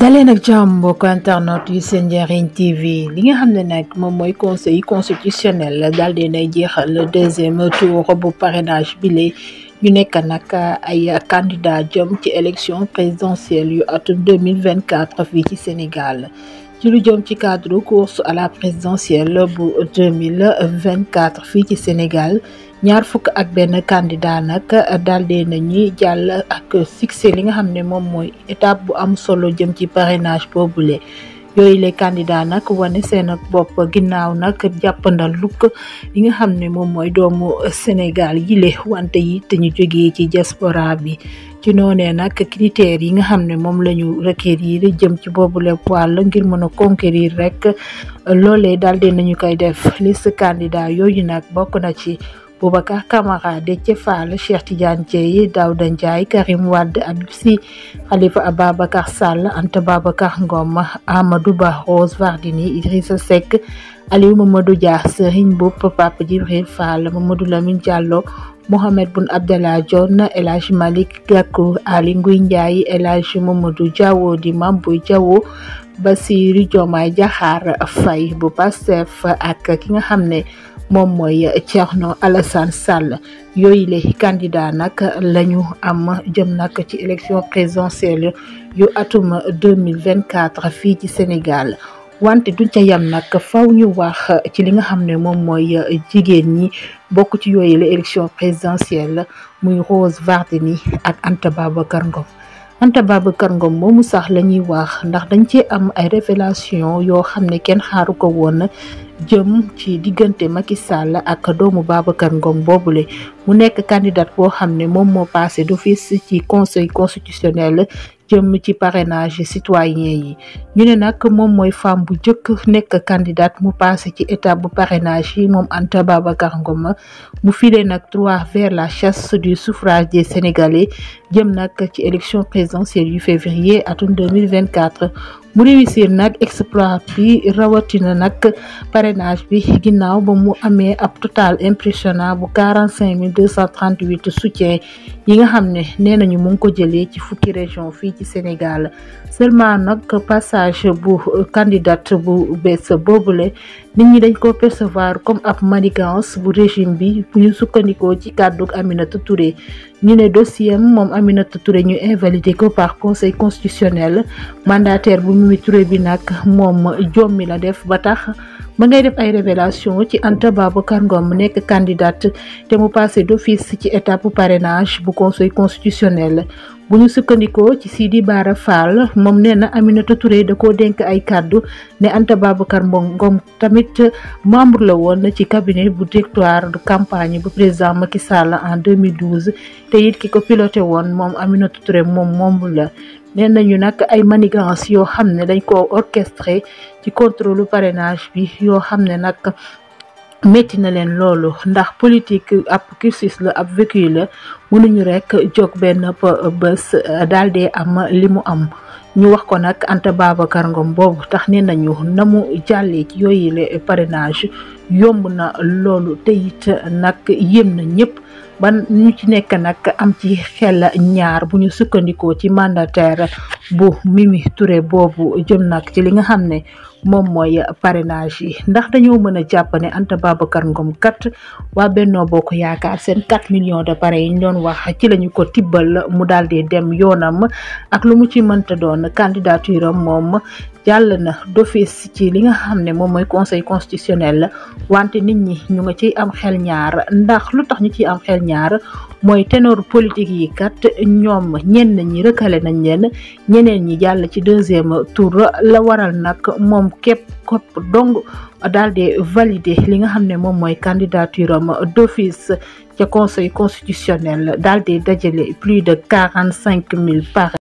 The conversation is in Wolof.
dalee nag jàmm mbokk internet yu seen njariñ TV li nga xam ne nag moom mooy conseil constitutionnel daal di nay jeexal deuxième tour bu parenage bi ñu nekk nag ay candidat jëm ci élection présidentielle yu atum 2024 fii ci Sénégal ci lu jëm ci cadre course à la présidentielle pour 2024 fi ci Sénégal ñaar fuk ak ben candidat nak daldi nañuy jall ak succès li nga xamné mom moy étape bu am solo jëm ci parrainage boobule. yooyu les candidats nag wane seen ak bopp ginnaaw nag jàppandal lukk li nga xam ne moom mooy doomu Sénégal yi le wante yi te ñu jógee ci diaspora bi ci noonee nag critères yi nga xam ne moom la ñu requérir jëm ci boobu lépp wàll ngir mën a conquérir rek loolee daal nañu koy def liste candidat yooyu nag bokk na ci Boubacar Camara Déthié Fall Cheikh Tidiane Dièye Daouda Ndiaye Karim Wade Habib Khalifa Ababacar Sall Anta Babacar Ngom Amadou Ba Rose Wardini Idrissa Seck Aliou Mamadou Dia Serigne Mboup Pape Djibril Fall Mamadou Lamine Diallo Mohamed Boun Abdallah Dionne El Hadj Malick Gakou Aly Ngouille Ndiaye El Hadj Mamadou Diawo di Mame Boye Diawo Bassirou Diomaye Diakhar Faye bu Pastef ak ki nga xam ne Mon moyen Thierno Alassane Sall yooyu candidat nak lañu am jëm nak ci élection présidentielle yu atum 2024 fi ci Sénégal wante duñ ca yam nag faw ñu wax ci li nga xamné ne moy mooy ñi bokku ci yooyu élection présidentielle muy Rose Vardini, ak Anta Babacar Ngom Anta Babacar Ngom sax wax ndax dañ ci am ay révélation yo xamné ne xaru ko jëm ci diggante Macky la ak doomu Babacar Ngom boobule mu nekk candidat boo xam ne moom moo passé dofis ci conseil constitutionnel jëm ci parrainage citoyen yi ñu ne nak mom moy femme bu njëkk nek candidate mu passé ci étape bu parrainage yi mom Anta Babacar Ngom mu filé nak trois vers la chasse du suffrage des Sénégalais jëm nak ci élection présidentielle du février 2024 mu réussir nak exploit bi rawatina nak parrainage bi ginnaw ba mu amé ab total impressionnant bu 45238 cinq soutien yi nga xamné ne nañu mu ko jëlé ci fukki région fii ci Sénégal seulement nak passage bu euh, candidate bu bees boobule nit ñi dañ ko percevoir comme ab manigance bu régime bi bu ñu sukkandiko ci kàddu Aminata Touré ñu ne dossier mom Aminata Touré ñu invalidé ko par conseil constitutionnel mandataire bu Mimi Touré bi nak mom jommi la def ba tax ba ngay def ay révélation ci Anta Babacar Ngom mu nekk candidate te mu passé d'office ci état bu parrainage bu conseil constitutionnel bu ñu sukkandikoo ci siidi Bara Fall moom nee na Aminata Touré da koo dénk ay kàddu ne Anta Babacar Ngom tamit membre la woon ci cabinet bu directoire du campagne bu président Macky Sall en 2012 te it ki ko piloté woon moom Aminata Touré moom moom la nee nañu nag ay manigance yoo xam ne dañ ko orchestré ci contrôle parrainage bi yoo xam ne nag métti na leen loolu ndax politique ab cursus la ab vécu la mënuñu rek jog benn bés daal di am li mu am ñu wax ko nag Anta Babacar Ngom boobu tax neen nañu namu mu jàllee ci yooyu le parrainage yomb na loolu te it nag yéem na ñëpp ban ñu ci nekk nag am ci xel ñaar bu ñu sukkandikoo ci mandataire bu Mimi Touré boobu jëm nag ci li nga xam ne moom mooy parrainage yi ndax dañoo mën a jàpp ne Anta Babacar Ngom kat waa Bennoo Bokk Yaakaar seen 4 millions de parrain yi ñu doon wax ci lañu ko tibbal mu daal di dem yoonam ak lu mu ci mënta doon candidature am moom jàll na d'office ci li nga xam ne moom mooy conseil constitutionnel wante nit ñi ñu nga ciy am xel ñaar ndax lu tax ñu ciy am xel ñaar mooy ténor politique yi kat ñoom ñenn ñi rëkkale nañ leen ñeneen ñi jàll ci deuxième tour la waral nag moom donc dans de valider li nga candidature d'office du conseil constitutionnel dal de plus de 45 000 par